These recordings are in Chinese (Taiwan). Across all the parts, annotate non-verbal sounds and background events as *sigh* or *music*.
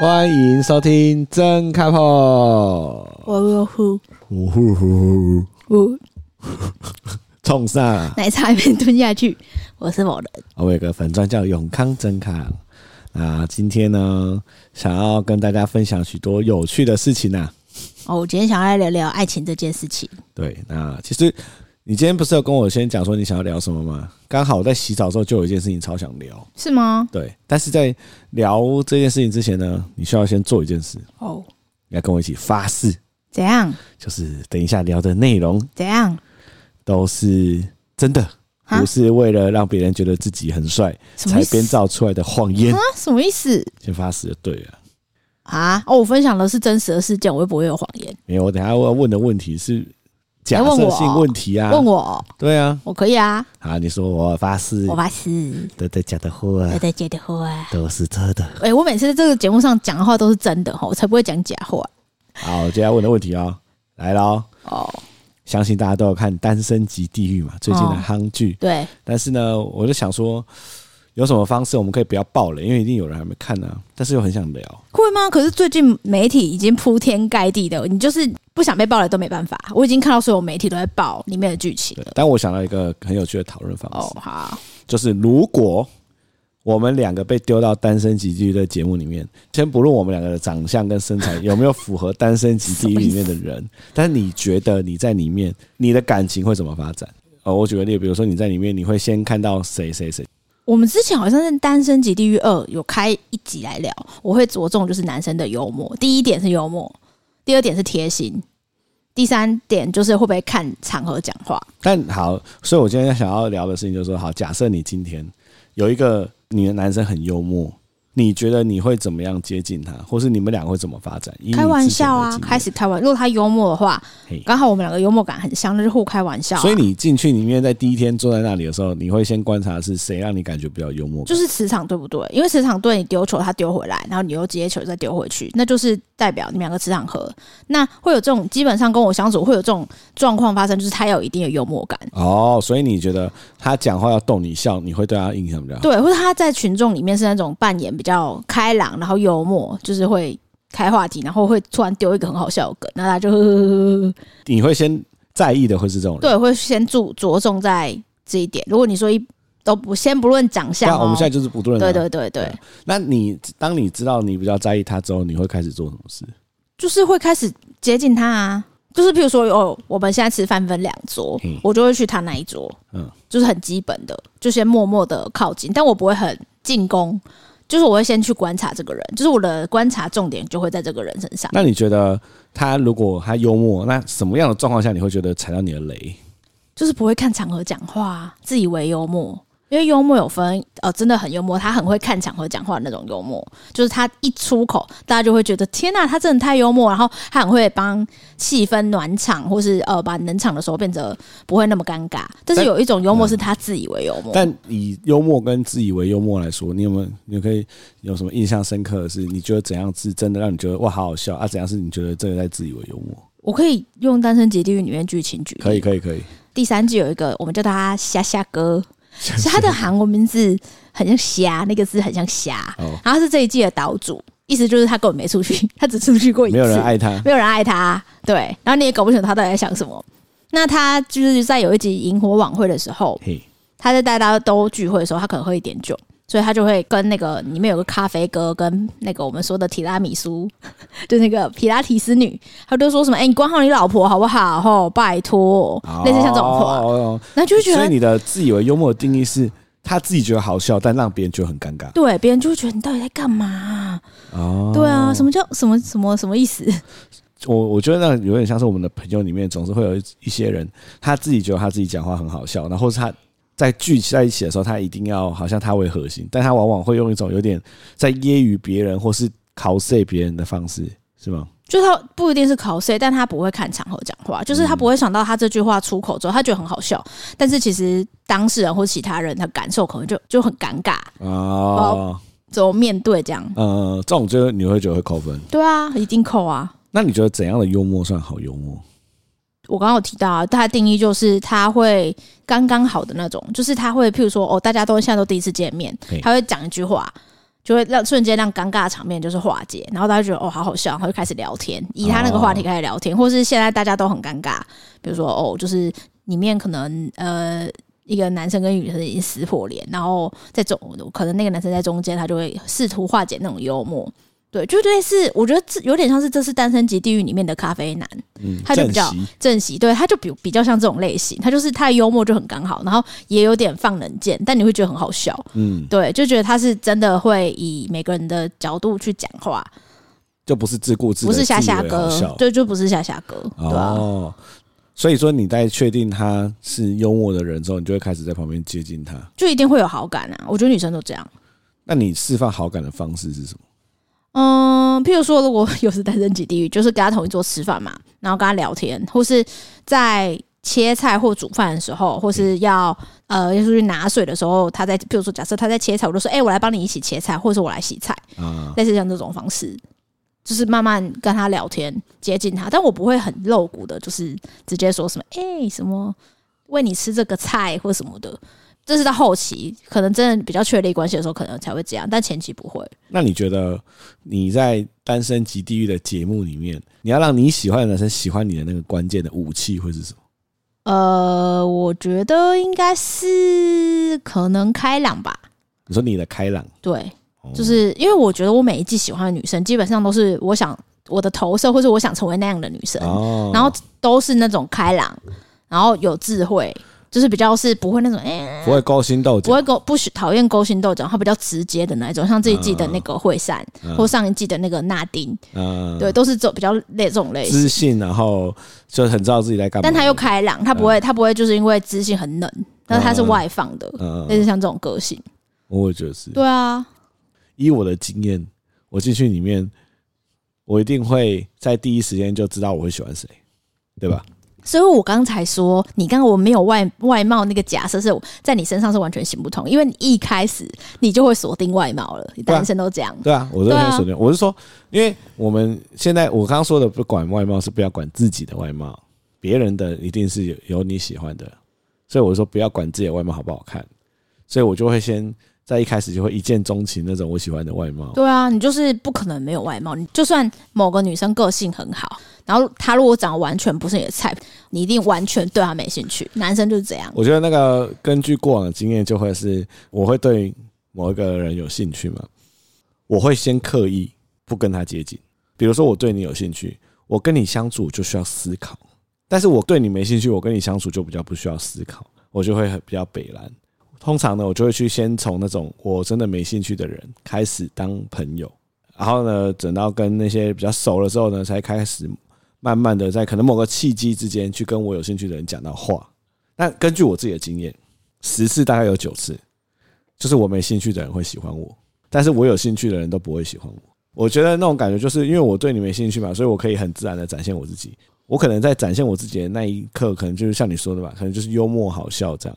歡迎收聽真 couple，我呼衝上奶茶一邊吞下去，我是某人，我有個粉專叫永康真康，啊，今天呢想要跟大家分享許多有趣的事情呢、啊，哦，oh, 我今天想要來聊聊愛情這件事情，對，那其實。你今天不是要跟我先講說你想要聊什麼嗎？剛好我在洗澡的時候就有一件事情超想聊，是嗎？對，但是在聊這件事情之前呢，你需要先做一件事哦，你要跟我一起發誓，怎樣？就是等一下聊的內容怎樣都是真的，蛤？不是為了讓別人覺得自己很帥才編造出來的謊言啊？什麼意思？什麼意思？先發誓就對了啊！哦，我分享的是真實的事件，我又不會有謊言。沒有，我等一下要問的問題是。假設性問題啊、欸？問我？問我對啊，我可以啊。啊，你說我發誓？我發誓。對對，假的貨、啊。對對，假的貨、啊。都是真的。哎、欸，我每次在這個節目上講的話都是真的哈，我才不會講假話。好，接下來問的問題哦，來嘍。哦。相信大家都要看《單身即地獄》嘛，最近的夯劇、哦。對。但是呢，我就想說，有什麼方式我們可以不要爆雷？因為一定有人還沒看呢、啊，但是又很想聊。會嗎？可是最近媒體已經鋪天蓋地的，你就是。不想被爆了都沒辦法，我已經看到所有媒體都在爆裡面的劇情了。但我想到一個很有趣的討論方式哦，oh, 好、啊，就是如果我們兩個被丟到單身即地獄的節目裡面，先不論我們兩個的長相跟身材有沒有符合單身即地獄裡面的人， *laughs* 但是你覺得你在裡面，你的感情會怎麼發展？哦、oh,，我舉個例，比如說你在裡面，你會先看到誰？誰？誰？我們之前好像是單身即地獄二有開一集來聊，我會着重就是男生的幽默，第一點是幽默。第二點是貼心，第三點就是會不會看場合講話。但好，所以我今天想要聊的事情就是說，好，假設你今天有一個你的男生很幽默。你覺得你會怎麼樣接近他，或是你們兩個會怎麼發展？開玩笑啊，開始開玩笑。如果他幽默的話，剛嘿好我們兩個幽默感很像，就是互開玩笑、啊。所以你進去裡面在第一天坐在那裡的時候，你會先觀察是誰讓你感覺比較幽默，就是磁場對不對？因為磁場對你丟球，他丟回來，然後你又接球再丟回去，那就是代表你們兩個磁場合。那會有這種基本上跟我相處會有這種狀況發生，就是他有一定的幽默感。哦，所以你覺得他講話要逗你笑，你會對他印象比較好？對，或者他在群眾裡面是那種扮演比較。要開朗，然後幽默，就是會開話題，然後會突然丟一個很好笑的梗，那他就呵呵呵呵。你會先在意的會是這種人，對，會先注着重在這一點。如果你說一都不先不論長相、喔，我們現在就是不論，對對對對。對那你當你知道你比較在意他之後，你會開始做什麼事？就是會開始接近他啊，就是譬如說哦，我們現在吃飯分兩桌，嗯、我就會去他那一桌，嗯，就是很基本的，就先默默的靠近，但我不會很進攻。就是我會先去觀察這個人，就是我的觀察重點就會在這個人身上。那你覺得他如果他幽默，那什麼樣的狀況下你會覺得踩到你的雷？就是不會看場合講話，自以為幽默。因為幽默有分，呃，真的很幽默，他很會看場合講話那種幽默，就是他一出口，大家就會覺得天吶、啊，他真的太幽默。然後他很會幫氣氛暖場，或是呃，把冷場的時候變得不會那麼尷尬。但是有一種幽默是他自以為幽默但、嗯。但以幽默跟自以為幽默來說，你有沒有你可以有什麼印象深刻的是？你覺得怎樣是真的讓你覺得哇好好笑啊？怎樣是你覺得這個在自以為幽默？我可以用《單身即地獄》裡面劇情舉例，可以可以可以。第三季有一個我們叫他蝦蝦哥。是是，所以他的韓國名字很像「霞」，那個字很像「霞」。Oh. 然後他是這一季的島主，意思就是他根本沒出去，他只出去過一次。 *laughs* 沒有人愛他，沒有人愛他。對，然後你也搞不清楚他到底在想什麼。那他就是在有一集營火晚會的時候，Hey. 他在大家都聚會的時候，他可能喝一點酒。所以他就會跟那個裡面有個咖啡哥，跟那個我們說的提拉米蘇，就是、那個皮拉提斯女，他都說什麼？哎、欸，你管好你老婆好不好？吼，拜託，那些像這種話，那、哦、就會覺得。所以你的自以為幽默的定義是，他自己覺得好笑，但讓別人覺得很尷尬。對，別人就會覺得你到底在幹嘛？啊，哦、對啊，什麼叫什麼什麼什麼意思？我我覺得那有點像是我們的朋友裡面，總是會有一些人，他自己覺得他自己講話很好笑，然後或是他。在聚在一起的時候，他一定要好像他為核心，但他往往會用一種有點在揶揄別人或是剾洗別人的方式，是嗎？就是他不一定是剾洗，但他不會看場合講話，就是他不會想到他這句話出口之後，他覺得很好笑，但是其實當事人或其他人他感受可能就就很尷尬啊，怎麼、哦、面對這樣？呃，這種就你會覺得會扣分。對啊，一定扣啊。那你覺得怎樣的幽默算好幽默？我剛剛有提到，他的定義就是他會剛剛好的那種，就是他會，譬如說，哦，大家都現在都第一次見面，他會講一句話，就會讓瞬間讓尷尬的場面就是化解，然後大家覺得哦，好好笑，然後就開始聊天，以他那個話題開始聊天，哦、或是現在大家都很尷尬，比如說哦，就是裡面可能呃一個男生跟女生已經撕破臉，然後在中可能那個男生在中間，他就會試圖化解那種幽默。對，就對是，我覺得這有點像是這是單身即地獄裡面的咖啡男，嗯，他就比較正希，對，他就比比較像這種類型，他就是太幽默就很剛好，然後也有點放冷箭，但你會覺得很好笑，嗯，對，就覺得他是真的會以每個人的角度去講話，就不是自顧自的，不是下下哥，對，就不是下下哥，對啊，哦，所以說你在確定他是幽默的人之後，你就會開始在旁邊接近他，就一定會有好感啊，我覺得女生都這樣，那你釋放好感的方式是什麼？嗯、呃，譬如說，如果有時單身即地獄，就是跟他同一桌吃飯嘛，然後跟他聊天，或是在切菜或煮飯的時候，或是要、嗯、呃要出去拿水的時候，他在譬如說，假設他在切菜，我就說，哎、欸，我來幫你一起切菜，或者我來洗菜，嗯，嗯。類似像這種方式，就是慢慢跟他聊天，接近他，但我不會很露骨的，就是直接說什麼，哎、欸，什麼餵你吃這個菜或什麼的。這是到後期，可能真的比較確立關係的時候，可能才會這樣，但前期不會。那你覺得你在《單身即地獄》的節目裡面，你要讓你喜歡的男生喜歡你的那個關鍵的武器會是什麼？呃，我覺得應該是可能開朗吧。你說你的開朗？對，就是因為我覺得我每一季喜歡的女生，基本上都是我想我的投射，或是我想成為那樣的女生，哦、然後都是那種開朗，然後有智慧。就是比較是不會那種，欸、不會勾心鬥角，不會勾不喜討厭勾心鬥角，他比較直接的那一種，像這一季的那個惠善，啊、或上一季的那個娜丁，啊、對，都是這比較類這種類型，知性，然後就很知道自己在幹嘛。但他又開朗，他不會，他、啊、不會就是因為知性很冷，但是他是外放的，啊、類似像這種個性，我覺、就、得是。對啊，以我的經驗，我進去裡面，我一定會在第一時間就知道我會喜歡誰，對吧？嗯所以，我剛才說，你剛剛我沒有外外貌那個假設是在你身上是完全行不通，因為你一開始你就會鎖定外貌了，你單身都這樣。對啊，我都很鎖定。啊，我是說，因為我們現在我剛剛說的，不管外貌是不要管自己的外貌，別人的一定是有有你喜歡的，所以我說不要管自己的外貌好不好看，所以我就會先。在一開始就會一見鍾情那種我喜歡的外貌，對啊，你就是不可能沒有外貌。你就算某個女生個性很好，然後她如果長得完全不是你的菜，你一定完全對她沒興趣。男生就是這樣。我覺得那個根據過往的經驗，就會是我會對某一個人有興趣嗎？我會先刻意不跟她接近。比如說我對你有興趣，我跟你相處就需要思考。但是我對你沒興趣，我跟你相處就比較不需要思考，我就會比較北爛。通常呢，我就會去先從那種我真的沒興趣的人開始當朋友，然後呢，等到跟那些比較熟了之後呢，才開始慢慢的在可能某個契機之間去跟我有興趣的人講到話。但根據我自己的經驗，十次大概有九次，就是我沒興趣的人會喜歡我，但是我有興趣的人都不會喜歡我。我覺得那種感覺就是因為我對你沒興趣嘛，所以我可以很自然的展現我自己。我可能在展現我自己的那一刻，可能就是像你說的吧，可能就是幽默好笑這樣。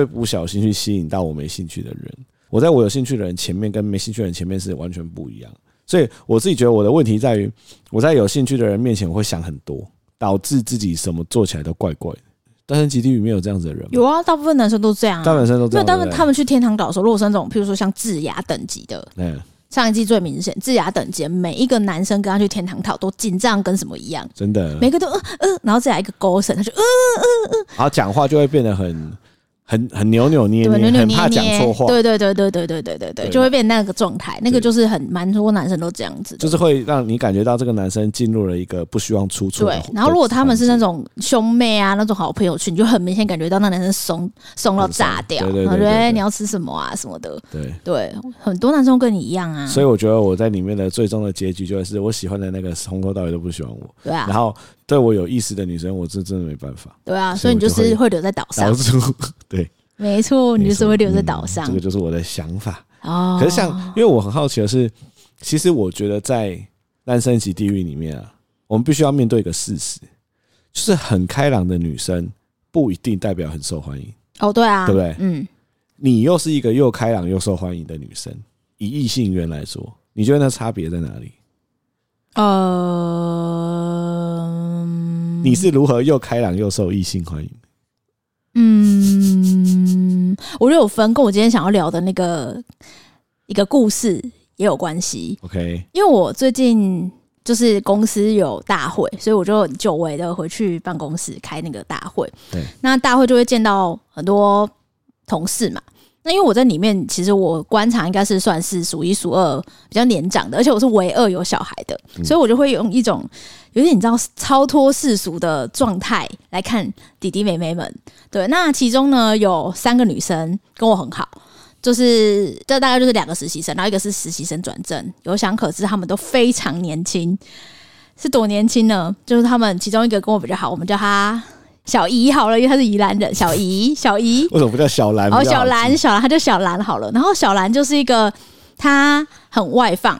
就不小心去吸引到我沒興趣的人，我在我有興趣的人前面跟沒興趣的人前面是完全不一樣，所以我自己覺得我的問題在於我在有興趣的人面前我會想很多，導致自己什麼做起來都怪怪的。但是即地獄裡面有這樣子的人嗎？有啊，大部分男生都這樣。啊，大部分男生都這樣。那他們他們去天堂島的時候，如果像這種，譬如說像智雅等級的，嗯，上一季最明顯，智雅等級每一個男生跟他去天堂島都緊張跟什麼一樣，真的，每個都嗯、呃、嗯、呃，然後再來一個勾繩，他就嗯嗯嗯，呃呃、然後講話就會變得很。很很扭扭捏捏，很怕講錯話。對對對對對對對對對，就會變那個狀態，那個就是很蠻多男生都這樣子，就是會讓你感覺到這個男生進入了一個不希望出錯。對，然後如果他們是那種兄妹啊，那種好朋友群，你就很明顯感覺到那男生慫慫到炸掉。對，你要吃什麼啊什麼的？對對，很多男生跟你一樣啊。所以我覺得我在裡面的最終的結局就是，我喜歡的那個從頭到尾都不喜歡我。對啊。然後，對我有意思的女生，我這真的沒辦法。對啊，所以，所以你就是會留在島上。對，沒錯錯，你，說你就是會留在島上。嗯。這個就是我的想法。哦。可是像，像因為我很好奇的是，其實我覺得在單身即地獄裡面啊，我們必須要面對一個事實，就是很開朗的女生不一定代表很受歡迎。哦，對啊，對不對？嗯，你又是一個又開朗又受歡迎的女生，以異性緣來說，你覺得那差別在哪裡？呃。你是如何又開朗又受異性歡迎？嗯，我覺得有分，跟我今天想要聊的那個一個故事也有關係。OK，因為我最近就是公司有大會，所以我就很久違的回去辦公室開那個大會。對，那大會就會見到很多同事嘛。那因為我在裡面，其實我觀察應該是算是數一數二比較年長的，而且我是唯二有小孩的，嗯、所以我就會用一種有點你知道超脫世俗的狀態來看弟弟妹妹們。對，那其中呢，有三個女生跟我很好，就是這大概就是兩個實習生，然後一個是實習生轉正。有想可知，他們都非常年輕，是多年輕呢？就是他們其中一個跟我比較好，我們叫她小姨好了，因為她是宜蘭人。小姨，小姨， *laughs* 為什麼不叫小蘭？哦小，小蘭，小蘭，她叫小蘭好了。然後小蘭就是一個，她很外放，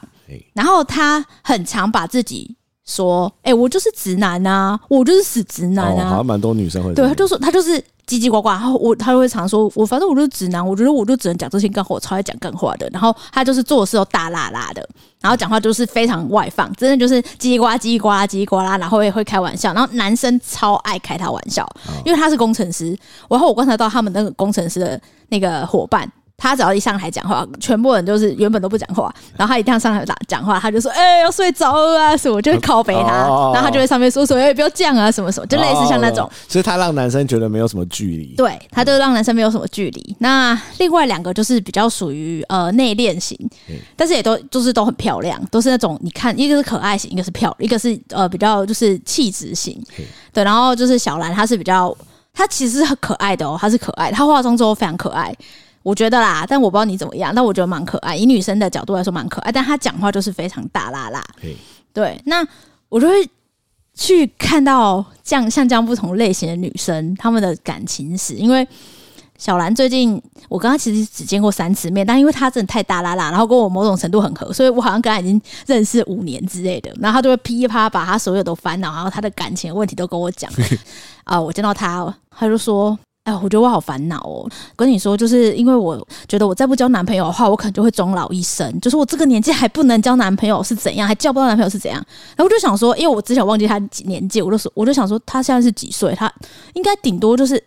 然後她很常把自己。說，誒、欸、我就是直男啊，我就是死直男啊，哦、好像蠻多女生會對。對，他就說，他就是嘰嘰呱呱，然後我他就會常說，我反正我就是直男，我覺得我就只能講這些幹話，我超愛講幹話的。然後他就是做事都大喇喇的，然後講話就是非常外放，真的就是嘰呱嘰呱嘰呱啦，然後也會開玩笑，然後男生超愛開他玩笑，哦、因為他是工程師。然後我觀察到他們那個工程師的那個夥伴。他只要一上台講話，全部人就是原本都不講話，然後他一定要上台講講話，他就說：“哎、欸，要睡着了、啊。”什麼就 c 拷貝他，哦、然後他就在上面說什麼、欸“不要這樣啊”什麼什麼，就類似像那種，哦、所以他讓男生覺得沒有什麼距離。對，他就是讓男生沒有什麼距離。嗯、那另外兩個就是比較屬於呃內斂型，但是也都就是都很漂亮，都是那種你看，一個是可愛型，一個是漂亮，一個是呃比較就是氣質型。嗯、對，然後就是小蘭，她是比較，她其實是很可愛的哦，她是可愛的，她化妝之後非常可愛。我覺得啦，但我不知道你怎麼樣。但我覺得蠻可愛，以女生的角度來說蠻可愛。但她講話就是非常大喇喇。嘿對，那我就會去看到這樣像這樣不同類型的女生，她們的感情史。因為小蘭最近，我跟她其實只見過三次面，但因為她真的太大喇喇，然後跟我某種程度很合，所以我好像跟她已經認識五年之類的。然後她就會噼啪把她所有的煩惱，然後她的感情的問題都跟我講。啊嘿、呃，我見到她，她就說。哎，我覺得我好煩惱哦！跟你說，就是因為我覺得我再不交男朋友的話，我可能就會終老一生。就是我這個年紀還不能交男朋友是怎樣，還交不到男朋友是怎樣？然後我就想說，因為我只想忘記他年紀，我就說，我就想說他現在是幾歲？他應該頂多就是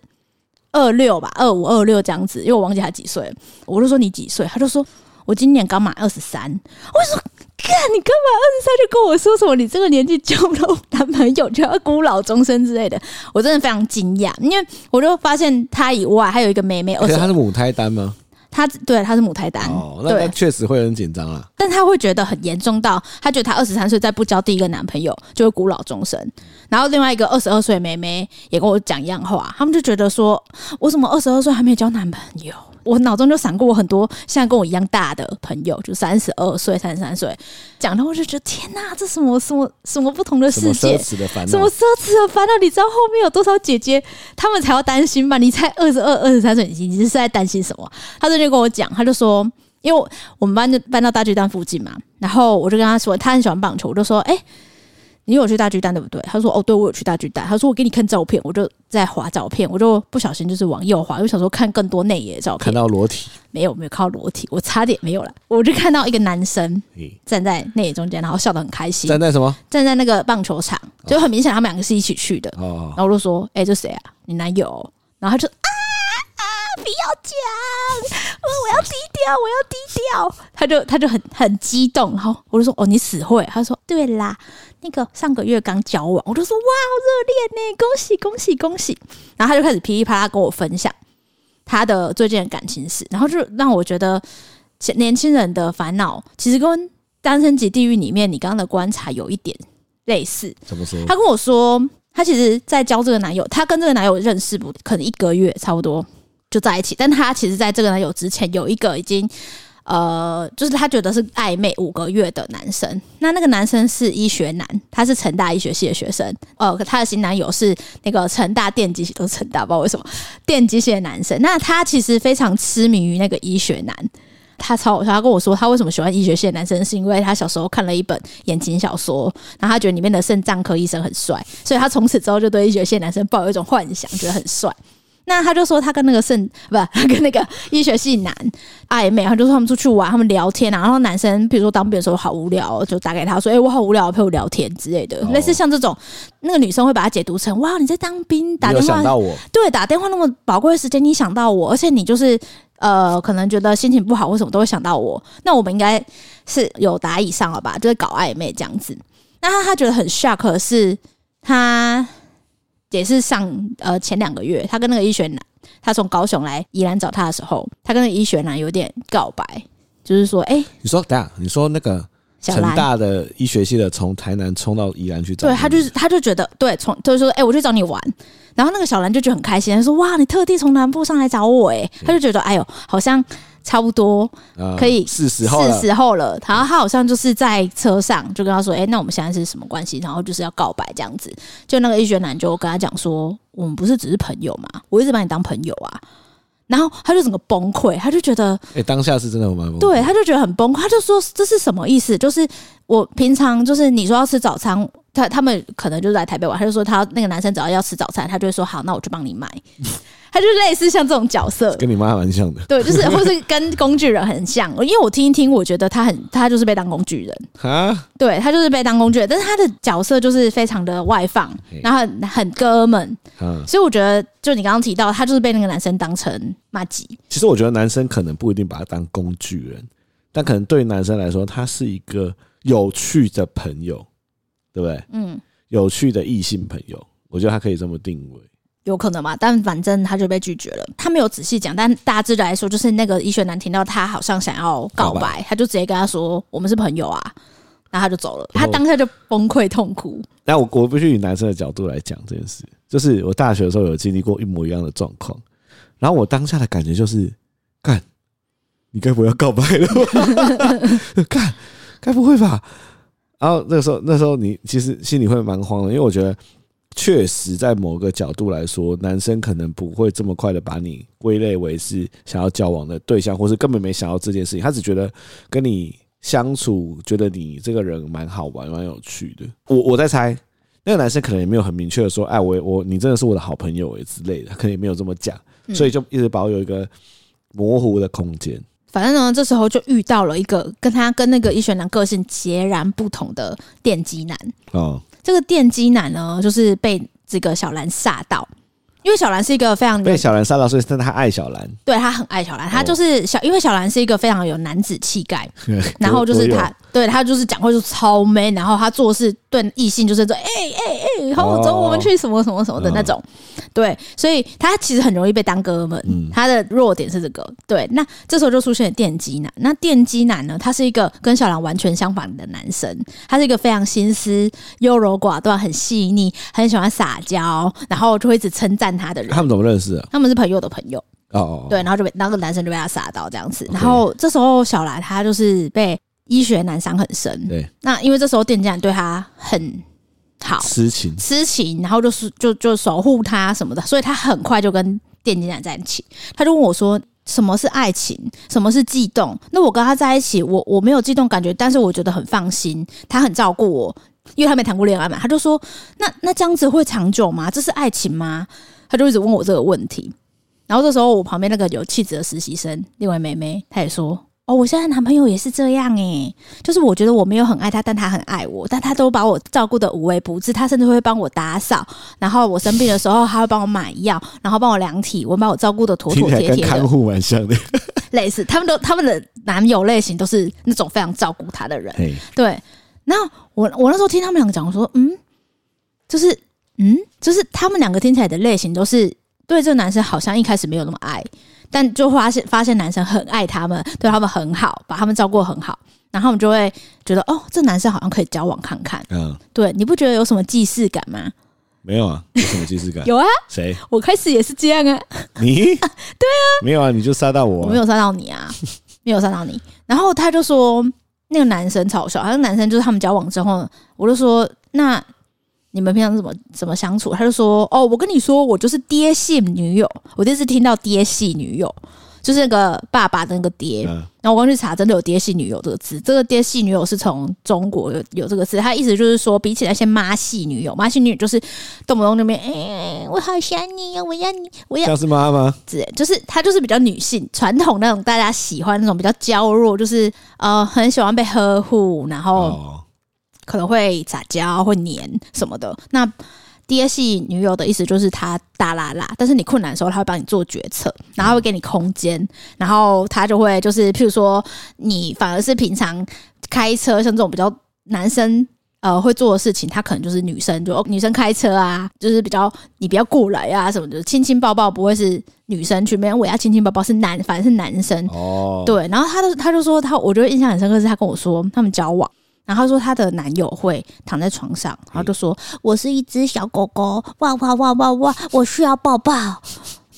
二六吧，二五二六這樣子。因為我忘記他幾歲，我就說你幾歲？他就說我今年剛滿二十三。我就說。幹，你幹嘛二十三就跟我說什麼？你這個年紀交不到我男朋友就要孤老終身之類的，我真的非常驚訝，因為我就發現他以外還有一個妹妹，而且她是母胎單嗎？她對，她是母胎單。哦，那確實會很緊張啊。但她會覺得很嚴重到，她覺得她二十三歲再不交第一個男朋友就會孤老終生。然後另外一個二十二歲妹妹也跟我講一樣話，他們就覺得說，我怎麼二十二歲還沒有交男朋友？我腦中就閃過我很多像跟我一樣大的朋友，就三十二歲、三十三歲，講到我就覺得天哪，啊，這什麼什麼什麼不同的世界，什麼奢侈的煩惱？什麼奢侈的煩惱？你知道後面有多少姐姐，他們才要擔心嗎？你才二十二、二十三歲，你你是在擔心什麼？他就跟我講，他就說，因為我們班就搬到大巨蛋附近嘛，然後我就跟他說，她很喜歡棒球，我就說，哎、欸。你有去大巨蛋對不對？他說哦，對我有去大巨蛋。他說我給你看照片，我就在滑照片，我就不小心就是往右滑，因為想說看更多內野的照片。看到裸體？沒有沒有，靠裸體，我差點沒有了。我就看到一個男生站在內野中間，然後笑得很開心。嗯、站在什麼？站在那個棒球場，就很明顯他們兩個是一起去的。哦、然後我就說，哎、欸，這誰啊？你男友？然後他就。啊。不要講，我我要低調，我要低調。他就他就很很激動，然後我就說：“哦，你死會？”他就說：“對啦，那個上個月剛交往。”我就說：“哇，好熱戀呢！恭喜恭喜恭喜！”然後他就開始噼里啪啦跟我分享他的最近的感情史，然後就讓我覺得年輕人的煩惱其實跟單身即地獄裡面你剛剛的觀察有一點類似。他跟我說，他其實，在交這個男友，他跟這個男友認識不？可能一個月差不多。就在一起，但他其實在這個男友之前有一個已經，呃，就是他覺得是曖昧五個月的男生。那那個男生是醫學男，他是成大醫學系的學生。哦、呃，他的新男友是那個成大電機系，都是成大，不知道為什麼電機系的男生。那他其實非常癡迷於那個醫學男，他超好笑，他跟我說，他為什麼喜歡醫學系的男生，是因為他小時候看了一本言情小說，然後他覺得裡面的腎臟科醫生很帥，所以他從此之後就對醫學系的男生抱有一種幻想，覺得很帥。那他就說他跟那個聖不是，他跟那個醫學系男曖昧，他就說他們出去玩，他們聊天然後男生比如說當兵的時候好無聊，就打給他說，哎、欸，我好無聊，陪我聊天之類的，哦、類似像這種，那個女生會把他解讀成，哇，你在當兵打電話，你想到我對，打電話那麼寶貴的時間，你想到我，而且你就是呃，可能覺得心情不好或什麼，都會想到我，那我們應該是有打以上了吧，就是搞曖昧這樣子。那他他覺得很 shock 的是他。也是上呃前兩個月，他跟那個醫學男，他從高雄來宜蘭找他的時候，他跟那個醫學男有點告白，就是說，哎、欸，你說等下，你說那個小蘭，成大的醫學系的從台南衝到宜蘭去找，對他就是他就覺得對，從就說，哎、欸，我去找你玩，然後那個小蘭就覺得很開心，他說，哇，你特地從南部上來找我，欸，對，他就覺得，哎呦，好像。差不多可以、呃、是時候了，是時候了。然後他好像就是在車上，就跟他說：“哎、欸，那我們現在是什麼關係？”然後就是要告白這樣子。就那個醫學男就跟他講說：“我們不是只是朋友嘛，我一直把你當朋友啊。”然後他就整個崩潰，他就覺得，誒、欸、當下是真的有蠻崩潰的。對，他就覺得很崩潰，他就說：“這是什麼意思？就是我平常就是你說要吃早餐，他他們可能就是來台北玩，他就說他那個男生只要要吃早餐，他就會說好，那我去幫你買。” *laughs* 他就類似像這種角色，跟你媽蠻像的。對，就是或是跟工具人很像，因為我聽一聽，我覺得他很，他就是被當工具人哈，對，他就是被當工具人，但是他的角色就是非常的外放，然後很哥們。嗯，所以我覺得，就你剛剛提到，他就是被那個男生當成麻吉。其實我覺得男生可能不一定把他當工具人，但可能對男生來說，他是一個有趣的朋友，對不對？嗯，有趣的異性朋友，我覺得他可以這麼定位。有可能吧，但反正他就被拒絕了。他沒有仔細講，但大致來說，就是那個醫學男聽到他好像想要告白，吧他就直接跟他說：“我們是朋友啊。”然後他就走了。後他當下就崩潰痛哭。但我我必須以男生的角度來講這件事，就是我大學的時候有經歷過一模一樣的狀況。然後我當下的感覺就是：幹，你該不會要告白了吧？幹， *laughs* *laughs* 該不會吧？然後那個時候，那時候你其實心裡會蠻慌的，因為我覺得。確實在某個角度來說，男生可能不會這麼快的把你歸類為是想要交往的對象，或是根本沒想到這件事情。他只覺得跟你相處，覺得你這個人蠻好玩、蠻有趣的。我我在猜，那個男生可能也沒有很明確的說：“哎、欸，我我你真的是我的好朋友、欸”之類的，可能也沒有這麼講，所以就一直保有一個模糊的空間、嗯。反正呢，這時候就遇到了一個跟他跟那個醫學男個性截然不同的電擊男啊。嗯這個電擊男呢，就是被這個小蘭煞到，因為小蘭是一個非常被小蘭煞到，所以是他愛小蘭，對他很愛小蘭，他就是小，哦、因為小蘭是一個非常有男子氣概，呵呵然後就是他有對他就是講話就超 man，然後他做事對異性就是說哎哎。欸欸以後走，我們去什麼什麼什麼的那種，對，所以他其實很容易被當哥們，他的弱點是這個。對，那這時候就出現了電擊男。那電擊男呢，他是一個跟小蘭完全相反的男生，他是一個非常心思優柔寡斷、很細膩、很喜歡撒嬌，然後就會一直稱讚他的人。他們怎麼認識的？他們是朋友的朋友。哦，對，然後就被那個男生就被他撒到這樣子。然後這時候小蘭她就是被醫學男傷很深。對，那因為這時候電擊男對他很。好，痴情，痴情，然後就是就就守護他什麼的，所以他很快就跟電競男在一起。他就問我說：“什麼是愛情？什麼是悸動？”那我跟他在一起，我我沒有悸動感覺，但是我覺得很放心，他很照顧我，因為他沒談過戀愛嘛。他就說：“那那這樣子會長久嗎？這是愛情嗎？”他就一直問我這個問題。然後這時候，我旁邊那個有氣質的實習生，另外妹妹，她也說。哦，我現在男朋友也是這樣欸，就是我覺得我沒有很愛他，但他很愛我，但他都把我照顧的無微不至，他甚至會幫我打掃，然後我生病的時候他會幫我買藥，然後幫我量體，我把我照顧的妥妥帖帖。聽起來跟看護蠻像的。類似的，他們都他們的男友類型都是那種非常照顧他的人。對，那我我那時候聽他們兩個講，我說嗯，就是嗯，就是他們兩個聽起來的類型都是對這個男生好像一開始沒有那麼愛。但就發現發現男生很愛他們，對他們很好，把他們照顧得很好，然後我們就會覺得哦，這男生好像可以交往看看。嗯，對，你不覺得有什麼既視感嗎？沒有啊，有什麼既視感？ *laughs* 有啊，誰？我開始也是這樣啊。你？ *laughs* 對啊，沒有啊，你就殺到我啊，我沒有殺到你啊，沒有殺到你。然後他就說那個男生嘲笑，那個男生就是他們交往之後，我就說那。你們平常怎麼怎麼相處？他就說：“哦，我跟你說，我就是爹系女友。我第一次聽到爹系女友，就是那個爸爸的那個爹。然後、嗯啊、我剛去查，真的有爹系女友這個字。這個爹系女友是從中國有，有這個字，他意思就是說，比起那些媽系女友，媽系女友就是動不動就變哎，我好想你，我要你，我要像是媽媽，是就是她就是比較女性傳統那種，大家喜歡那種比較嬌弱，就是呃，很喜歡被呵護，然後。哦”可能會撒嬌、會黏什麼的。那爹系女友的意思就是他大喇喇，但是你困難的時候他會幫你做決策，然後會給你空間，嗯、然後他就會就是，譬如說你反而是平常開車，像這種比較男生呃會做的事情，他可能就是女生就、哦、女生開車啊，就是比較你不要過來啊什麼的，親親抱抱不會是女生去，沒人我要親親抱抱是男，反而是男生、哦、對，然後他就他就說他，我覺得印象很深刻是他跟我說他們交往。然後他說他的男友會躺在床上，然後就說：“我是一隻小狗狗，哇哇哇哇哇，我需要抱抱。”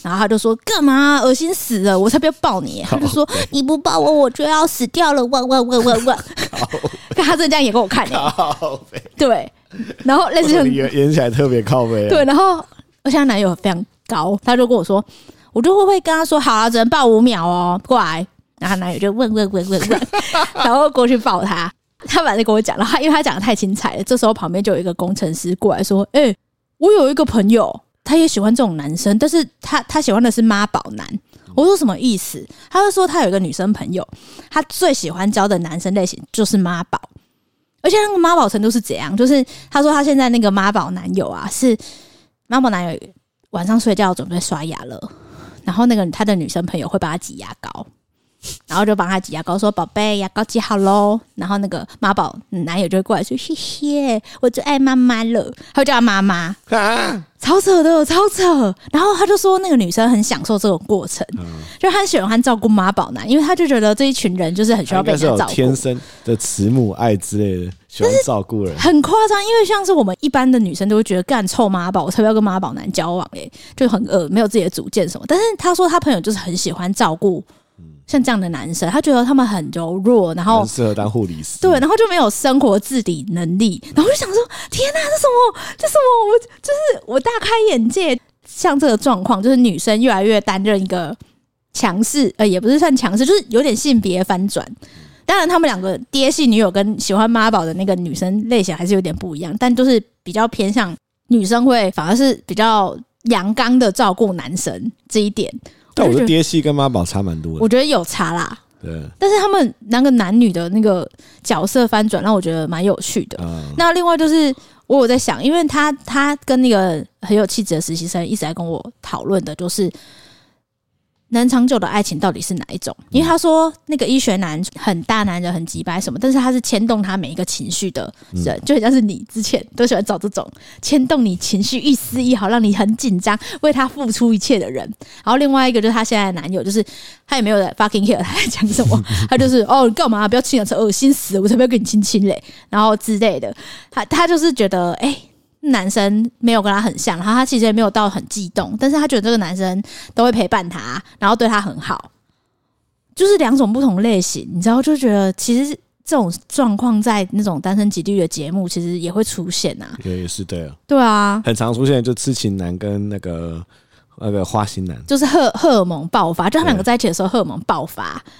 然後他就說：“幹嘛？惡心死了！我才不要抱你！”他就說：“你不抱我，我就要死掉了！哇哇哇哇哇！”靠北。他真的這樣演給我看耶，靠北。對。然後類似演演起來特別靠北啊。對，然後而且他男友非常高，他就跟我說：“我就會會跟他說，好啊，只能抱五秒哦，過來。”然後男友就問問問問問，然後過去抱他。他反正跟我講了，他因為他講得太精彩了。這時候旁邊就有一個工程師過來說：“哎、欸，我有一個朋友，他也喜歡這種男生，但是他他喜歡的是媽寶男。”我說什麼意思？他就說他有一個女生朋友，他最喜歡交的男生類型就是媽寶，而且那個媽寶程度是怎樣？就是他說他現在那個媽寶男友啊，是媽寶男友晚上睡覺準備刷牙了，然後那個他的女生朋友會幫他擠牙膏。然後就幫她擠牙膏，說：“寶貝，牙膏擠好嘍。”然後那個媽寶男友就會過來說：“謝謝，我最愛媽媽了。”還會叫她媽媽，啊、超扯的，超扯。然後他就說，那個女生很享受這種過程，嗯、就很喜歡照顧媽寶男，因為她就覺得這一群人就是很需要被照顧，是有天生的慈母愛之類的，喜歡照顧人，很誇張。因為像是我們一般的女生都會覺得幹，臭媽寶才不要跟媽寶男交往哎，就很呃沒有自己的主見什麼。但是他說他朋友就是很喜歡照顧。像這樣的男生，他覺得他們很柔弱，然後很適合當護理師。對，然後就沒有生活自理能力，然後就想說：天哪、啊，這什麼？這什麼？我就是我大開眼界。像這個狀況，就是女生越來越擔任一個強勢，呃，也不是算強勢，就是有點性別翻轉。當然，他們兩個爹系女友跟喜歡媽寶的那個女生類型還是有點不一樣，但都是比較偏向女生會，反而是比較陽剛的照顧男生這一點。我的爹系跟媽寶差蠻多的，我覺得有差啦。對，但是他們兩個男女的那個角色翻轉讓我覺得蠻有趣的。那另外就是我有在想，因為他他跟那個很有氣質的實習生一直在跟我討論的，就是。能長久的愛情到底是哪一種？因為他說那個醫學男很大男人，很幾白什麼，但是他是牽動他每一個情緒的人，就很像是你之前都喜歡找這種牽動你情緒一絲一毫，讓你很緊張，為他付出一切的人。然後另外一個就是他現在的男友，就是他也沒有在 fucking care 他在講什麼， *laughs* 他就是哦幹嘛不要親了，臭惡心死了，我才不要跟你親親嘞，然後之類的。他他就是覺得誒。欸男生沒有跟他很像，然後他其實也沒有到很激動，但是他覺得這個男生都會陪伴他，然後對他很好，就是兩種不同類型，你知道就覺得其實這種狀況在那種單身即地獄的節目其實也會出現吶、啊，也是對，對啊，對啊，很常出現，就癡情男跟那個那個花心男，就是荷荷爾蒙爆發，就他兩個在一起的時候荷爾蒙爆發，對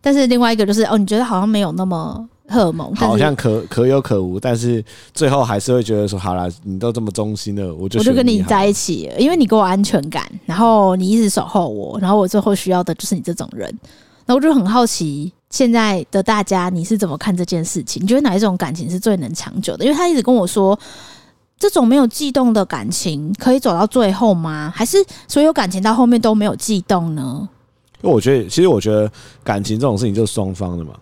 但是另外一個就是哦，你覺得好像沒有那麼。荷爾蒙，好像可可有可無，但是最後還是會覺得說，好了，你都這麼忠心了，我就我就跟你在一起，了因為你給我安全感，然後你一直守候我，然後我最後需要的就是你這種人。那我就很好奇，現在的大家你是怎麼看這件事情？你覺得哪一種感情是最能長久的？因為他一直跟我說，這種沒有悸動的感情可以走到最後嗎？還是所有感情到後面都沒有悸動呢？因為我覺得，其實我覺得感情這種事情就是雙方的嘛，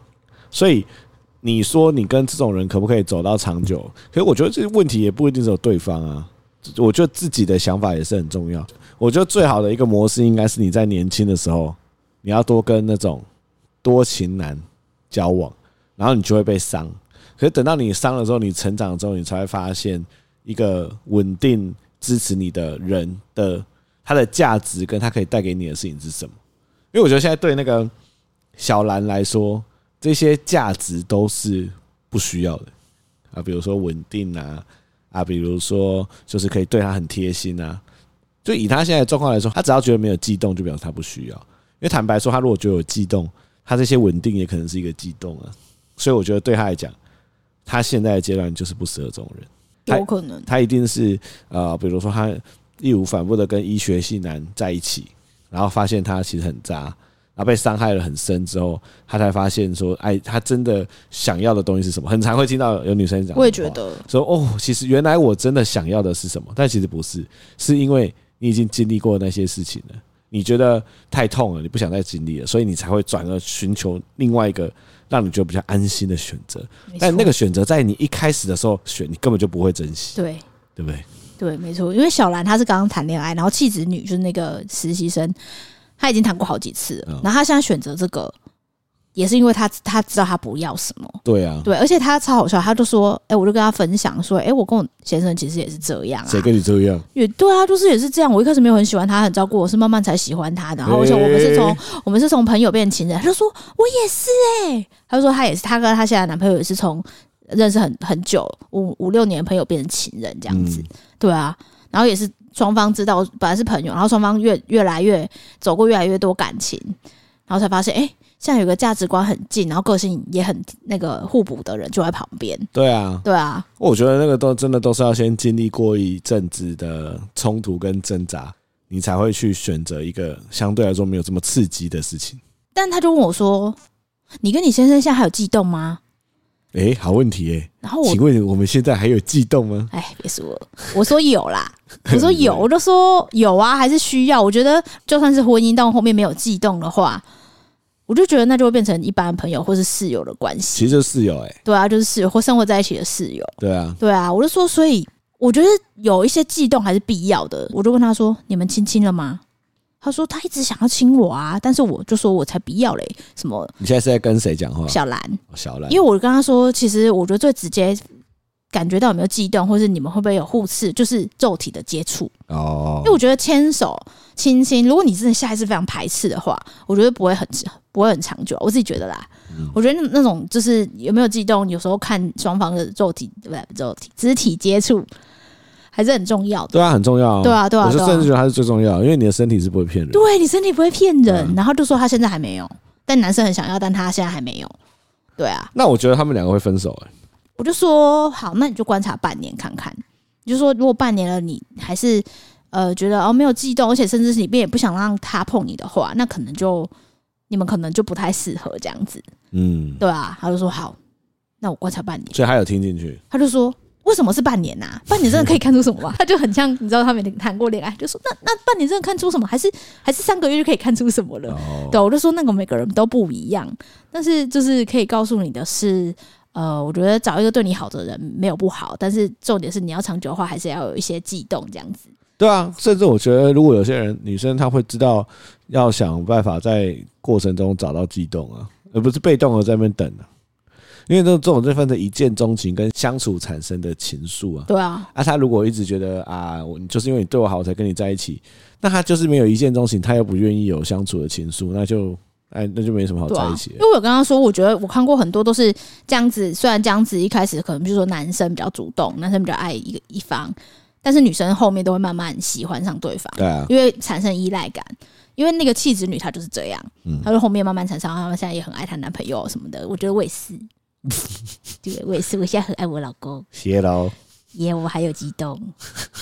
所以。你說你跟這種人可不可以走到長久？可是我覺得這個問題也不一定只有對方啊，我覺得自己的想法也是很重要。我覺得最好的一個模式應該是你在年輕的時候，你要多跟那種多情男交往，然後你就會被傷。可是等到你傷了之後，你成長之後，你才會發現一個穩定支持你的人的他的價值跟他可以帶給你的事情是什麼。因為我覺得現在對那個小蘭來說。這些價值都是不需要的啊，比如說穩定啊，啊，比如說就是可以對他很貼心啊。就以他現在的狀況來說，他只要覺得沒有悸動，就表示他不需要。因為坦白說，他如果覺得有悸動，他這些穩定也可能是一個悸動啊。所以我覺得對他來講，他現在的階段就是不適合這種人。有可能他一定是啊、呃，比如說他義無反顧的跟醫學系男在一起，然後發現他其實很渣。他被傷害了很深之後，他才發現說：“哎，他真的想要的東西是什麼？”很常會聽到有女生講，我也覺得說：“哦，其實原來我真的想要的是什麼？但其實不是，是因為你已經經歷過那些事情了，你覺得太痛了，你不想再經歷了，所以你才會轉而尋求另外一個讓你覺得比較安心的選擇。沒錯。但那個選擇在你一開始的時候選，你根本就不會珍惜，對對不對？對，沒錯。因為小蘭她是剛剛談戀愛，然後氣質女就是那個實習生。”他已經談過好幾次了，哦、然後他現在選擇這個，也是因為他他知道他不要什麼。對啊，對，而且他超好笑，他就說：“哎、欸，我就跟他分享說，哎、欸，我跟我先生其實也是這樣，誰跟你這樣？也對啊，就是也是這樣。我一開始沒有很喜歡他，很照顧我是慢慢才喜歡他的。然後，我說我們是從、欸、我們是從朋友變成情人，他就說我也是哎、欸，他就說他也是，他跟他現在的男朋友也是從認識很很久五五六年的朋友變成情人這樣子，嗯、對啊，然後也是。”雙方知道本來是朋友，然後雙方越越來越走過越來越多感情，然後才發現，哎、欸，現在有個價值觀很近，然後個性也很那個互補的人就在旁邊。對啊，對啊，我覺得那個都真的都是要先經歷過一陣子的衝突跟掙扎，你才會去選擇一個相對來說沒有這麼刺激的事情。但他就問我說：“你跟你先生現在還有悸動嗎？”哎、欸，好問題哎、欸！然後我請問我們現在還有悸動嗎？哎，別說了，我說有啦， *laughs* 我說有，我就說有啊，還是需要。我覺得就算是婚姻到後面沒有悸動的話，我就覺得那就會變成一般朋友或是室友的關係。其實就是室友哎、欸。對啊，就是室友或生活在一起的室友。對啊，對啊，我就說，所以我覺得有一些悸動還是必要的。我就問他說：“你們親親了嗎？”他說他一直想要親我啊，但是我就說我才不要嘞。什麼？你現在是在跟誰講話、啊？小蘭蘭，小蘭蘭。因為我跟他說，其實我覺得最直接感覺到有沒有悸動，或者是你們會不會有互斥，就是肉體的接觸哦、哦。哦、因為我覺得牽手、親親，如果你真的下意識非常排斥的話，我覺得不會很不會很長久。我自己覺得啦，嗯、我覺得那種就是有沒有悸動，有時候看雙方的肉體對不對？肉體、肢體接觸。還是很重要的。對，對啊，很重要。對啊，對啊。我是甚至覺得他是最重要，啊啊、因為你的身體是不會騙人。對，你身體不會騙人。啊、然後就說他現在還沒有，但男生很想要，但他現在還沒有。對啊。那我覺得他們兩個會分手哎，欸。我就說好，那你就觀察半年看看。你就說如果半年了，你還是呃覺得哦沒有悸動，而且甚至是裡面也不想讓他碰你的話，那可能就你們可能就不太適合這樣子。嗯。對啊。他就說好，那我觀察半年。所以他有聽進去。他就說。為什麼是半年吶、啊？半年真的可以看出什麼嗎、啊？ *laughs* 他就很像，你知道他沒談過戀愛，就說那那半年真的看出什麼？還是還是三個月就可以看出什麼了？Oh. 對，我就說那個每個人都不一樣，但是就是可以告訴你的是，呃，我覺得找一個對你好的人沒有不好，但是重點是你要長久的話，還是要有一些悸動這樣子。對啊，哦、甚至我覺得如果有些人女生，她會知道要想辦法在過程中找到悸動啊，而不是被動的在那邊等、啊因為這這種這份的一見鍾情跟相處產生的情愫啊，對啊，啊他如果一直覺得啊，我就是因為你對我好我才跟你在一起，那他就是沒有一見鍾情，他又不願意有相處的情愫，那就哎那就沒什麼好在一起、啊。因為我剛剛說，我覺得我看過很多都是這樣子，雖然這樣子一開始可能就是說男生比較主動，男生比較愛一個一方，但是女生後面都會慢慢喜歡上對方，對啊，因為產生依賴感，因為那個氣質女她就是這樣，嗯，她就後面慢慢產生，她現在也很愛她男朋友什麼的，我覺得我也是。 *laughs* 對，我也是。我現在很愛我老公。謝嘍勞。耶，yeah, 我還有激動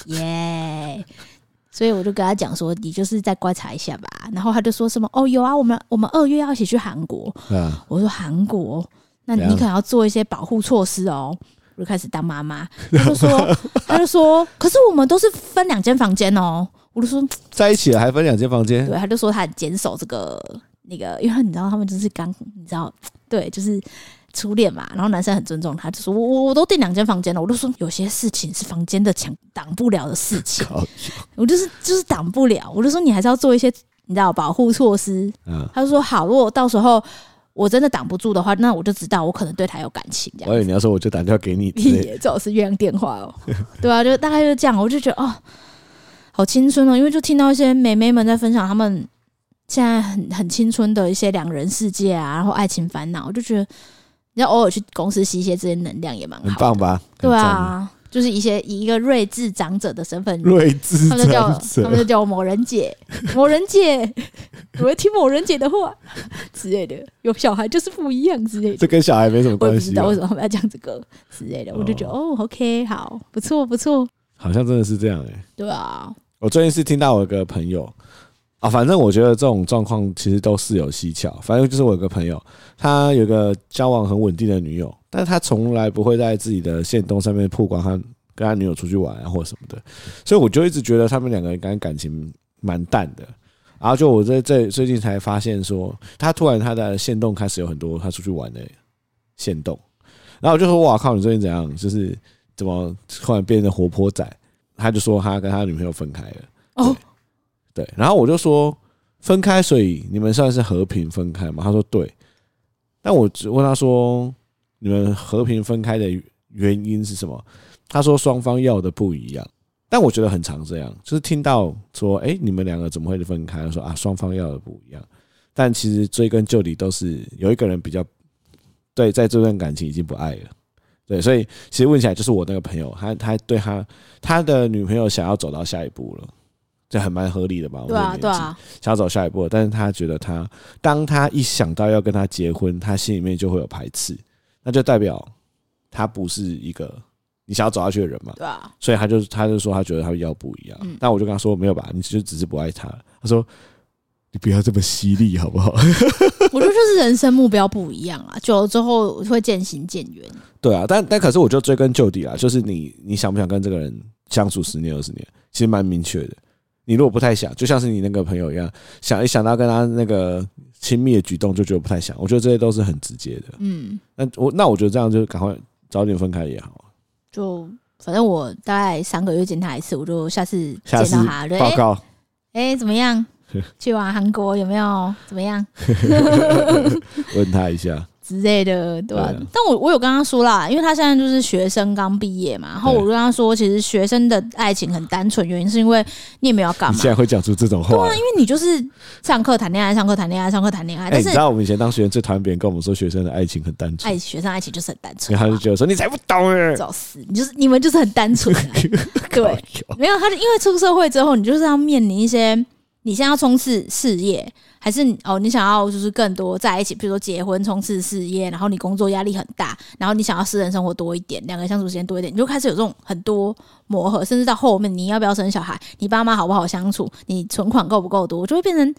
耶、yeah！所以我就跟他講說：“你就是再觀察一下吧。”然後他就說什麼：“哦，有啊，我們我們二月要一起去韓國。啊”我說：“韓國，那你可能要做一些保護措施哦、喔。”我就開始當媽媽，他就說：“他就說，可是我們都是分兩間房間哦。”我就說：“在一起了，還分兩間房間？”對，他就說他很堅守這個那個，因為你知道他們就是剛，你知道對，就是。初戀嘛，然後男生很尊重他，就說：“我我我都訂兩間房間了。”我都說：“有些事情是房間的牆擋不了的事情， *laughs* 我就是就是擋不了。”我就說：“你還是要做一些，你知道保護措施。”嗯，他就說：“好，如果到時候我真的擋不住的話，那我就知道我可能對他有感情。”我以為你要說我就打電話給你，你也老是月電話哦。 *laughs* 對啊，就大概就這樣，我就覺得哦，好青春哦，因為就聽到一些美眉們在分享他們現在很很青春的一些兩人世界啊，然後愛情煩惱，我就覺得。你要偶爾去公司吸一些這些能量也蠻好，很棒吧？對啊，就是一些以一個睿智長者的身份，睿智長者，他們就，就叫我某人姐，某人姐，我要 *laughs* 聽某人姐的話之 *laughs* 類的。有小孩就是不一樣之類的，這跟小孩沒什麼關係啊。我也不知道為什麼他們要講這個之類的，我就覺得哦，哦，OK，好，不錯，不錯，好像真的是這樣欸。對啊，我最近是聽到我一個朋友。啊，反正我覺得這種狀況其實都是有蹊蹺。反正就是我有個朋友，他有個交往很穩定的女友，但是他從來不會在自己的限動上面曝光，他跟他女友出去玩啊或什麼的。所以我就一直覺得他們兩個人感感情蠻淡的。然後就我在最最近才發現，說他突然他的限動開始有很多他出去玩的、欸、限動，然後我就說：“哇靠，你最近怎樣？就是怎麼突然變成活潑仔？”他就說：“他跟他女朋友分開了。”哦。對，然後我就說分開，所以你們算是和平分開嗎？他說對，但我只問他說，你們和平分開的原因是什麼？他說雙方要的不一樣。但我覺得很常這樣，就是聽到說，哎，你們兩個怎麼會分開？他說啊，雙方要的不一樣。但其實追根究底，都是有一個人比較對，在這段感情已經不愛了。對，所以其實問起來，就是我那個朋友，他他對他他的女朋友想要走到下一步了。就很蠻合理的吧？我的年紀，對啊，對啊，想要走下一步，但是他覺得他，當他一想到要跟他結婚，他心裡面就會有排斥，那就代表他不是一個你想要走下去的人嘛，對啊，所以他就他就說他覺得他要不一樣，嗯、但我就跟他說沒有吧，你就只是不愛他，他說你不要這麼犀利好不好？我覺得就是人生目標不一樣啊， *laughs* 就之後會漸行漸遠。對啊，但但可是我就追根究底啊，就是你你想不想跟這個人相處十年二十年，其實蠻明確的。你如果不太想，就像是你那個朋友一樣，想一想到跟他那個親密的舉動，就覺得不太想。我覺得這些都是很直接的，嗯。那我那我覺得這樣就趕快早點分開也好。就反正我大概三個月見他一次，我就下次見到他，報告。哎、欸欸、怎麼樣？去玩韓國有沒有？怎麼樣？ *laughs* 問他一下。之類的，對吧？啊？對啊，但我我有跟他說啦，因為他現在就是學生剛畢業嘛，然後我跟他說，對其實學生的愛情很單純，原因是因為你也沒有幹嘛。你現在會講出這種話，對、啊，因為你就是上課談戀愛，上課談戀愛，上課談戀愛。欸、但是你知道，我們以前當學生最討厭別人跟我們說學生的愛情很單純，學生愛情就是很單純。他就覺得說你才不懂呢。欸，找死！你就是你們就是很單純、啊。 *laughs* 笑對，沒有，他就因為出社會之後，你就是要面臨一些，你現在要衝刺事業。還是哦，你想要就是更多在一起，比如說結婚、衝刺事業，然後你工作壓力很大，然後你想要私人生活多一點，兩個人相處時間多一點，你就開始有這種很多磨合，甚至到後面你要不要生小孩，你爸媽好不好相處，你存款夠不夠多，就會變成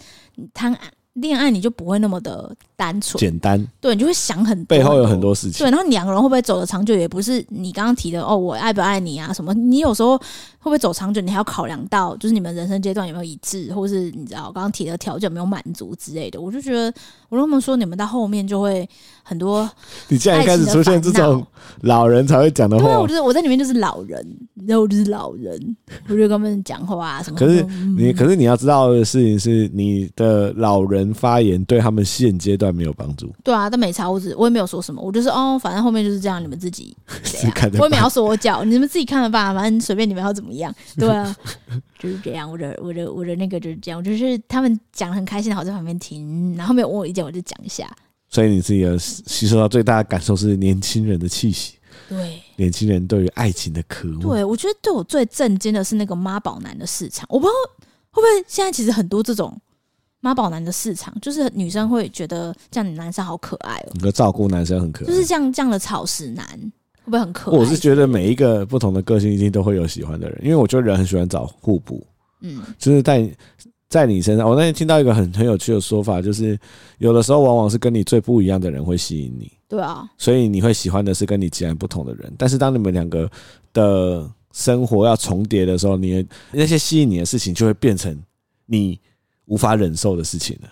談戀愛你就不會那麼的單純簡單。對，你就會想很多，背後有很多事情，對，然後兩個人會不會走得長久，也不是你剛剛提的哦，我愛不愛你啊什麼，你有時候。會不會走長久？你還要考量到，就是你們人生階段有沒有一致，或是你知道剛剛提的條件有沒有滿足之類的。我就覺得，我那麼說，你們到後面就會很多。你現在一開始出現這種老人才會講的話，對啊，我覺得我在裡面就是老人，然後就是老人，我就跟他們講話啊什,什麼。可是你，可是你要知道的事情是，你的老人發言對他們現階段沒有幫助。對啊，但沒差，我只我也沒有說什麼，我就是哦，反正後面就是這樣，你們自己。啊、我也沒有說我講，你們自己看的吧，反正隨便你們要怎麼。一樣，對啊，就是這樣。我的我的我的那個就是這樣，我就是他們講得很開心，然後在旁邊聽，然後沒有問我意見，我就講一下。所以你自己有吸收到最大的感受是年輕人的氣息？對，年輕人對於愛情的渴望。對，我覺得對我最震驚的是那個媽寶男的市場，我不知道會不會現在其實很多這種媽寶男的市場，就是女生會覺得這樣男生好可愛哦，那個照顧男生很可愛，就是這樣這樣的草食男。會不會很可愛是不是？我是覺得每一個不同的個性一定都會有喜歡的人，因為我覺得人很喜歡找互補。嗯，就是在在你身上，我那天聽到一個很很有趣的說法，就是有的時候往往是跟你最不一樣的人會吸引你。對啊，所以你會喜歡的是跟你截然不同的人。但是當你們兩個的生活要重疊的時候，你的那些吸引你的事情就會變成你無法忍受的事情了。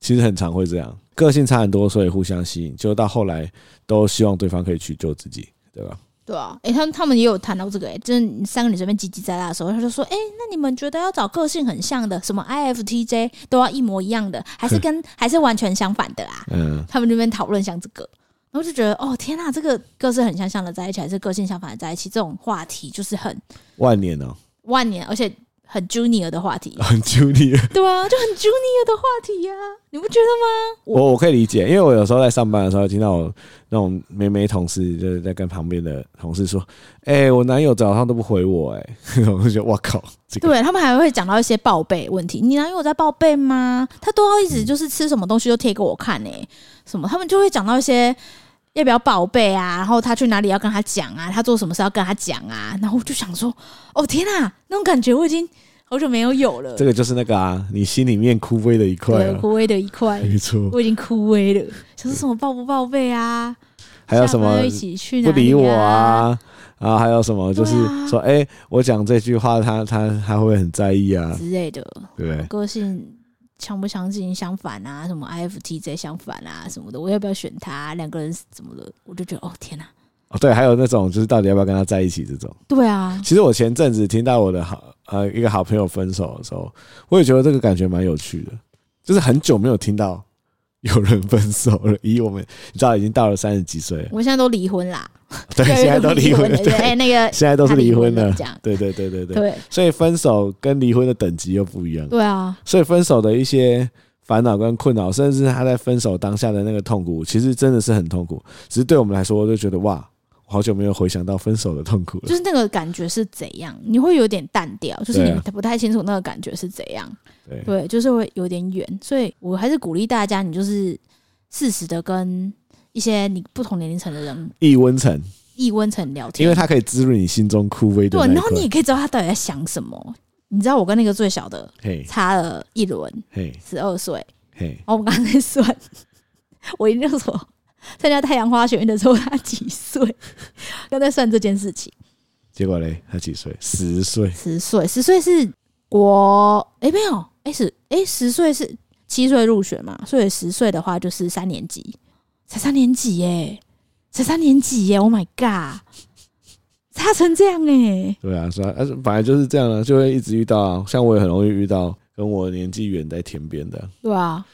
其實很常會這樣。個性差很多，所以互相吸引，就到後來都希望對方可以去救自己，對吧？對啊，哎、欸，他們他們也有談到這個、欸，哎，就是三個女生邊嘰嘰喳喳的時候，他就說，哎、欸，那你們覺得要找個性很像的，什麼 I F T J 都要一模一樣的，還是跟 *laughs* 還是完全相反的啊？嗯，他們這邊討論像這個，然後我就覺得，哦，天啊，這個個性很相像，像的在一起，還是個性相反的在一起，這種話題就是很萬年呢、喔，萬年，而且。很 junior 的話題，很 junior，對啊，就很 junior 的話題呀、啊，你不覺得嗎？我我可以理解，因為我有時候在上班的時候我聽到我那種妹妹同事就是在跟旁邊的同事說：“哎，我男友早上都不回我，哎，我就覺得哇靠，這個。”對，他們還會講到一些報備問題，你男友有在報備嗎？他都要一直就是吃什麼東西都貼給我看呢、欸？什麼？他們就會講到一些。要不要報備啊？然後他去哪裡要跟他講啊？他做什麼事要跟他講啊？然後我就想說，哦天啊！那種感覺我已經好久沒有有了。這個就是那個啊，你心裡面枯萎的一塊，對，枯萎的一塊，沒錯，我已經枯萎了。想說什麼報不報備啊？還有什麼一起去哪裡啊，不理我啊？然後還有什麼就是說，哎、啊欸，我講這句話他，他他他會很在意啊之類的，對，個性強不強勁？相反啊，什麼 IFTZ 相反啊，什麼的？我要不要選他？兩個人什麼的，我就覺得，哦，天吶啊。哦對，還有那種就是到底要不要跟他在一起這種。對啊。其實我前陣子聽到我的好呃一個好朋友分手的時候，我也覺得這個感覺蠻有趣的，就是很久沒有聽到。有人分手了，以我們你知道已經到了三十幾歲了。我們現在都離婚啦 *laughs* 對，離婚了，對，現在都離婚了。對，哎，那個現在都是離婚了。對，對對對對對。對，所以分手跟離婚的等級又不一樣。對啊，所以分手的一些煩惱跟困擾，甚至他在分手當下的那個痛苦，其實真的是很痛苦。只是對我們來說，就覺得哇。好久沒有回想到分手的痛苦了，就是那個感覺是怎樣？你會有點淡掉，就是你不太清楚那個感覺是怎樣。對，啊、對，對，就是會有點遠。所以，我還是鼓勵大家，你就是適時的跟一些你不同年齡層的人，異溫層，異溫層聊天，因為它可以滋潤你心中枯萎的。對，然後你也可以知道他到底在想什麼。你知道我跟那個最小的，差了一輪，十二歲，我剛剛在算，我一定要說。參加太陽花學運的時候，他幾歲？剛在算這件事情。結果嘞，他幾歲？十歲。十歲。十歲，十歲是我。哎、欸、沒有哎、欸欸、是哎十歲是七歲入學嘛，所以十歲的話就是三年級，才三年級耶、欸，才三年級耶、欸！Oh my god，差成這樣哎、欸！對啊，是啊，是，反正就是這樣了、啊，就會一直遇到，像我也很容易遇到跟我年紀遠在天邊的。對啊。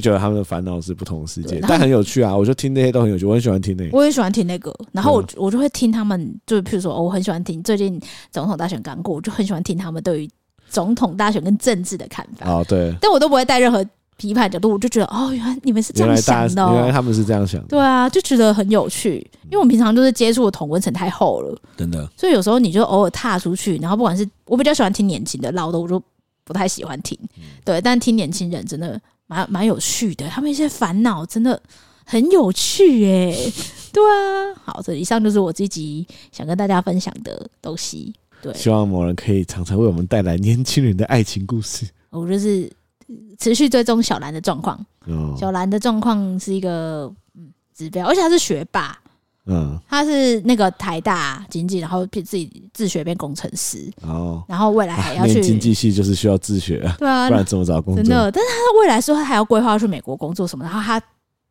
就覺得他們的煩惱是不同的世界，但很有趣啊！我就聽那些都很有趣，我很喜歡聽那個。我也喜歡聽那個。然後我我就會聽他們，嗯、就比如說、哦，我很喜歡聽最近總統大選剛過，我就很喜歡聽他們對於總統大選跟政治的看法哦，對，但我都不會帶任何批判的角度，我就覺得哦，原來你們是這樣想的、哦原，原來他們是這樣想的，對啊，就覺得很有趣，因為我們平常就是接觸的同溫層太厚了，真的、嗯。所以有時候你就偶爾踏出去，然後不管是我比較喜歡聽年輕的，老的我就不太喜歡聽。嗯、對，但聽年輕人真的。蠻蠻有趣的，他們一些煩惱真的很有趣耶，對啊。好，這以上就是我自己想跟大家分享的東西。對，希望某人可以常常為我們帶來年輕人的愛情故事。我就是持續追蹤小蘭的狀況。嗯、小蘭的狀況是一個嗯指標，而且她是學霸。嗯，他是那個台大經濟，然後自己自學變工程師，然後、哦、然後未來還要去、啊、經濟系，就是需要自學，對啊，不然怎麼找工作？真的，但是他的未來說他還要規劃去美國工作什麼，然後他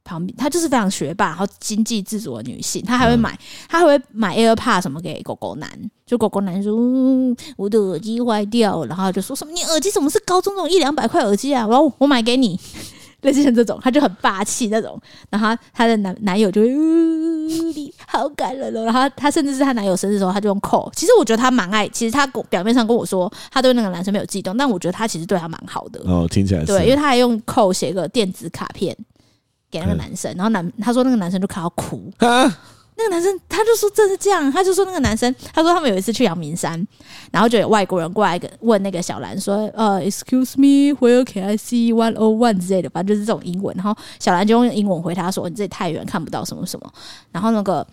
旁邊他就是非常學霸，然後經濟自主的女性，他還會買、嗯、他還會買 AirPods 什麼給狗狗男，就狗狗男說我的耳機壞掉，然後就說什麼你耳機怎麼是高中那種一兩百塊耳機啊？我我買給你。類似像這種，他就很霸氣那種。然後他的男男友就會，你、嗯、好感人哦。然後他甚至是他男友生日的時候，他就用扣。其實我覺得他蠻愛。其實他表面上跟我說，他對那個男生沒有悸動，但我覺得他其實對他蠻好的。哦，聽起來是對，因為他還用扣寫個電子卡片給那個男生，嗯、然後男他說那個男生就快要哭。啊那個男生他就說這是這樣，他就說那個男生他說他們有一次去陽明山，然後就有外國人過來問那個小蘭說呃、uh，excuse me，where can I see one o one 之類的吧，反正就是這種英文。然後小蘭就用英文回他說你這太遠看不到什麼什麼。然後那個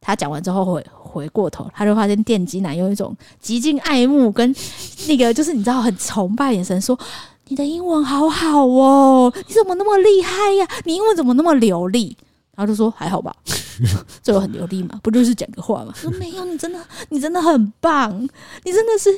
他講完之後回回過頭，他就發現電機男用一種極盡愛慕跟那個就是你知道很崇拜眼神說，你的英文好好哦、喔，你怎麼那麼厲害呀、啊？你英文怎麼那麼流利？然後就說還好吧。最我很流利嘛，不就是講個話嘛？說沒有，你真的，你真的很棒，你真的是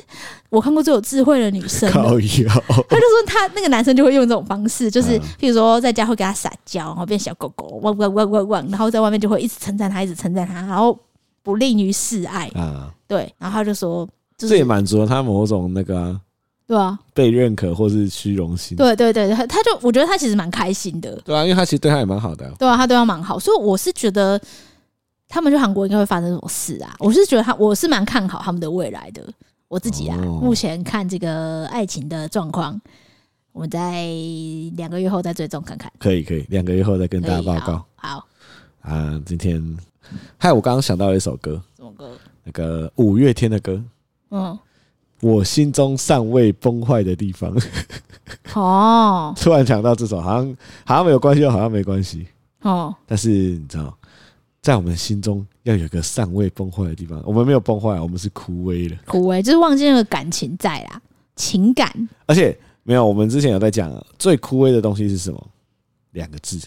我看過最有智慧的女生。靠有他就說，她那個男生就會用這種方式，就是、啊、譬如說在家會給她撒嬌，然後變小狗狗，汪汪汪汪汪，然後在外面就會一直稱讚她，一直稱讚她，然後不吝於示愛啊。對，然後她就說、就是，這也滿足了她某種那個、啊。對啊，被認可或是虛榮心。對對對，他他就我覺得他其實蠻開心的。對啊，因為他其實對他也蠻好的、啊。對啊，他對他蠻好，所以我是覺得他們去韓國應該會發生什麼事啊？我是覺得他，我是蠻看好他們的未來的。我自己啊，哦、目前看這個愛情的狀況，我們在兩個月後再追蹤看看。可以可以，兩個月後再跟大家報告。好，好啊，今天害，我剛剛想到一首歌。什麼歌？那個五月天的歌。嗯。我心中尚未崩壞的地方，哦，突然講到這首好，好像好像沒有，關係，又好像沒關係。哦，oh. 但是你知道，在我們心中要有一個尚未崩壞的地方，我們沒有崩壞，我們是枯萎的。枯萎就是忘記那個感情在啦，情感。而且沒有，我們之前有在講，最枯萎的東西是什麼？兩個字，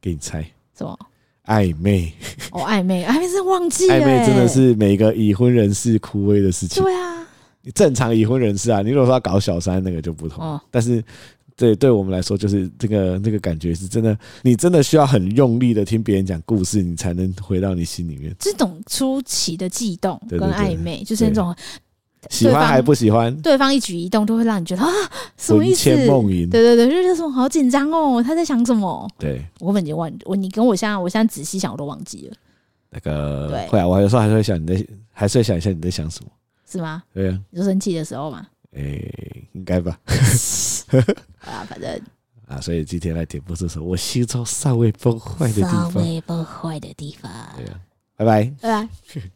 給你猜，什麼？曖昧。哦，曖昧，曖昧是忘記、欸。曖昧真的是每個已婚人士枯萎的事情。對啊。正常已婚人士啊，你如果說要搞小三，那個就不同。哦、但是，對對我們來說，就是這個那個感覺是真的。你真的需要很用力的聽別人講故事，你才能回到你心裡面。這種出奇的悸動跟曖昧，對對對，就是那種喜歡還不喜歡對，對方一舉一動都會讓你覺得啊，什麼意思？魂牽夢縈，對對對，就是那種好緊張哦，他在想什麼？對我根本就忘我，你跟我現在，我現在仔細想，我都忘記了。那個對會啊，我有時候還是會想你在，還是會想一下你在想什麼。是嗎？對呀、啊，你就生氣的時候嘛。誒、欸，應該吧。 *laughs* *laughs* 啊，反正啊，所以今天來點播這首《我心中尚未崩壞的地方》。尚未崩壞的地方。對呀、啊，拜拜，拜拜。 *laughs*